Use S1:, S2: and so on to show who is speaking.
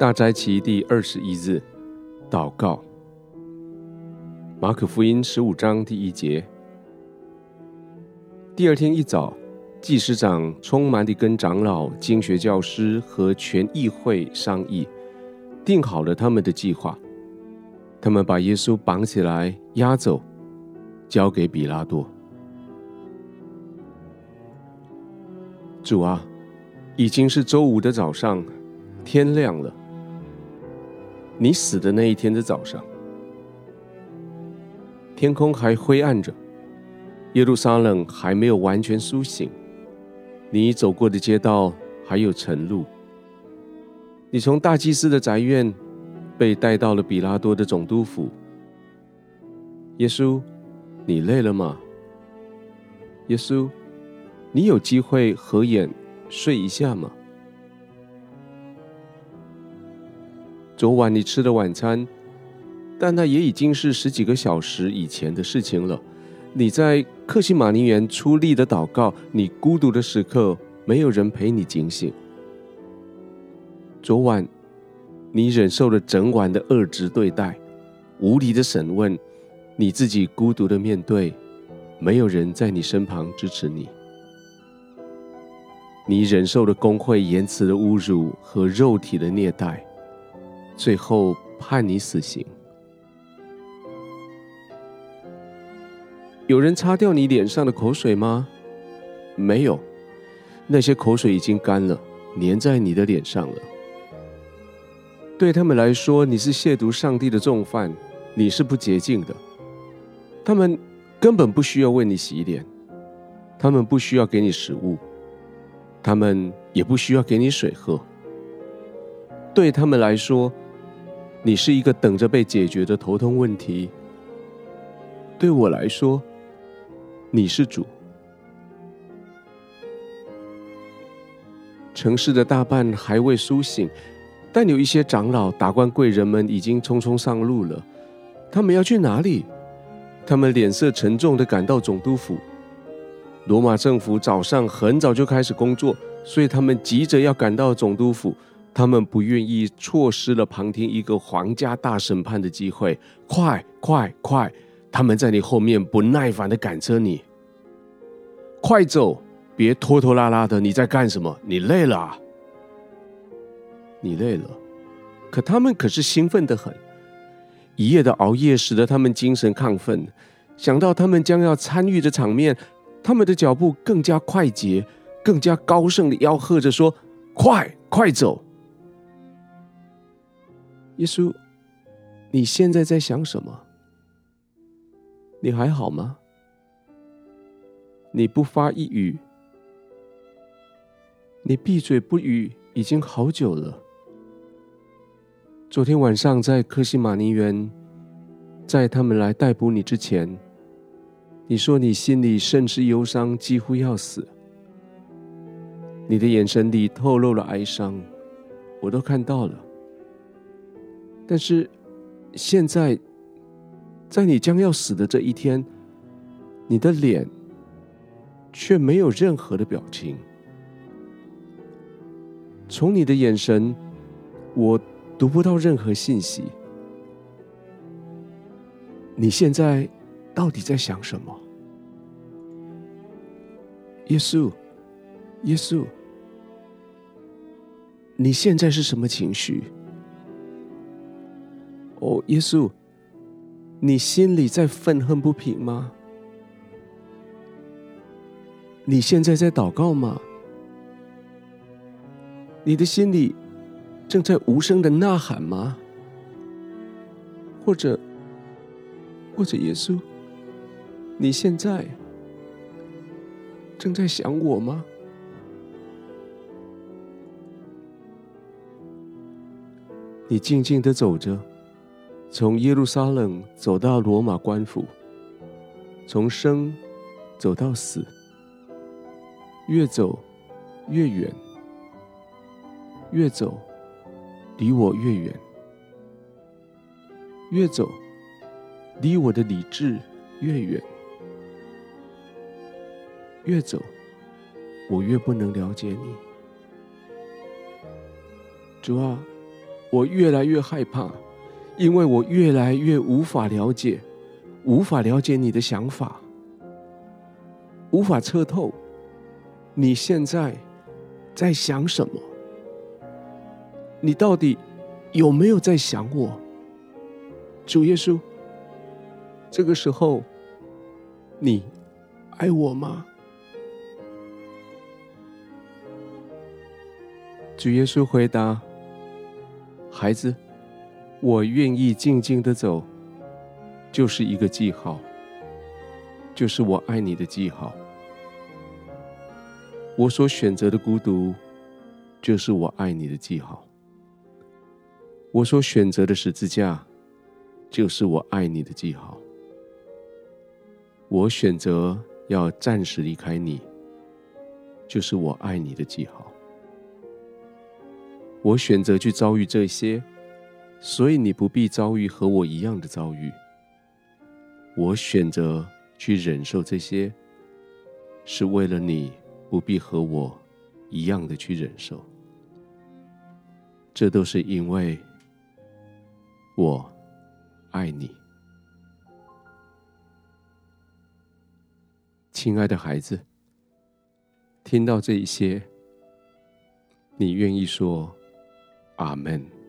S1: 大齋期第二十一日，禱告。馬可福音十五章第一節。第二天一早，祭司長匆忙地跟長老、經學教師和全議會商議，定好了他們的計劃。他們把耶穌綁起來，押走，交給彼拉多。主啊，已經是周五的早上，天亮了。你死的那一天的早上，天空還灰暗着，耶路撒冷還沒有完全蘇醒。你走過的街道還有晨露。你從大祭司的宅院被帶到了彼拉多的總督府。耶穌，你累了嗎？耶穌，你有機會合眼睡一下嗎？昨晚你吃的晚餐，但那也已經是十幾個小時以前的事情了。你在客西馬尼園出力的禱告，你孤獨的時刻，沒有人陪你警醒。昨晚你忍受了整晚的惡質對待、無理的審問，你自己孤獨的面對，沒有人在你身旁支持你。你忍受了公會言辭的侮辱和肉體的虐待。最後判你死刑。有人擦掉你臉上的口水嗎？沒有，那些口水已經乾了，粘在你的臉上了。對他們來說，你是褻瀆上帝的重犯，你是不潔淨的。他們根本不需要為你洗臉，他們不需要給你食物，他們也不需要給你水喝。對他們來說，你是一個等着被解決的頭痛問題。對我來說，你是主！城市的大半還未甦醒，但有一些長老、達官貴人們已經匆匆上路了。他們要去哪裡？他們臉色沉重地趕到總督府。羅馬政府早上很早就開始工作，所以他們急着要趕到總督府。他們不願意錯失了旁聽一個皇家大審判的機會。快，快快快！他們在你後面不耐煩地趕着你，快走，別拖拖拉拉的！你在幹什麼？你累了，啊？你累了？可他們可是興奮得很，一夜的熬夜使得他們精神亢奮，想到他們將要參與的場面，他們的腳步更加快捷，更加高聲地吆喝着說快：“快快走！”耶穌，你現在在想什麼？你還好嗎？你不發一語，你閉嘴不語已經好久了。昨天晚上在客西馬尼園，在他們來逮捕你之前，你說你心裡甚是憂傷，幾乎要死。你的眼神裡透露了哀傷，我都看到了。但是，現在，在你將要死的這一天，你的臉卻沒有任何的表情。從你的眼神，我讀不到任何信息。你現在到底在想什麼？耶穌，耶穌，你現在是什麼情緒？耶穌，你心裡在憤恨不平嗎？你現在在禱告嗎？你的心裡正在無聲的吶喊嗎？或者，或者耶穌，你現在正在想我嗎？你靜靜的走着。從耶路撒冷走到羅馬官府，從生走到死，越走越遠，越走離我越遠，越走離我的理智越遠，越走我越不能了解你。主啊，我越來越害怕。因為我越來越無法了解，無法了解你的想法，無法測透，你現在在想什麼？你到底有沒有在想我？主耶穌，這個時候，你愛我嗎？主耶穌回答：孩子。我願意靜靜地走，就是一個記號，就是我愛你的記號。我所選擇的孤獨，就是我愛你的記號。我所選擇的十字架，就是我愛你的記號。我選擇要暫時離開你，就是我愛你的記號。我選擇去遭遇這些。所以你不必遭遇和我一樣的遭遇。我選擇去忍受這些，是為了你不必和我一樣的去忍受。這都是因為，我愛你，親愛的孩子。聽到這一些，你願意說，阿門。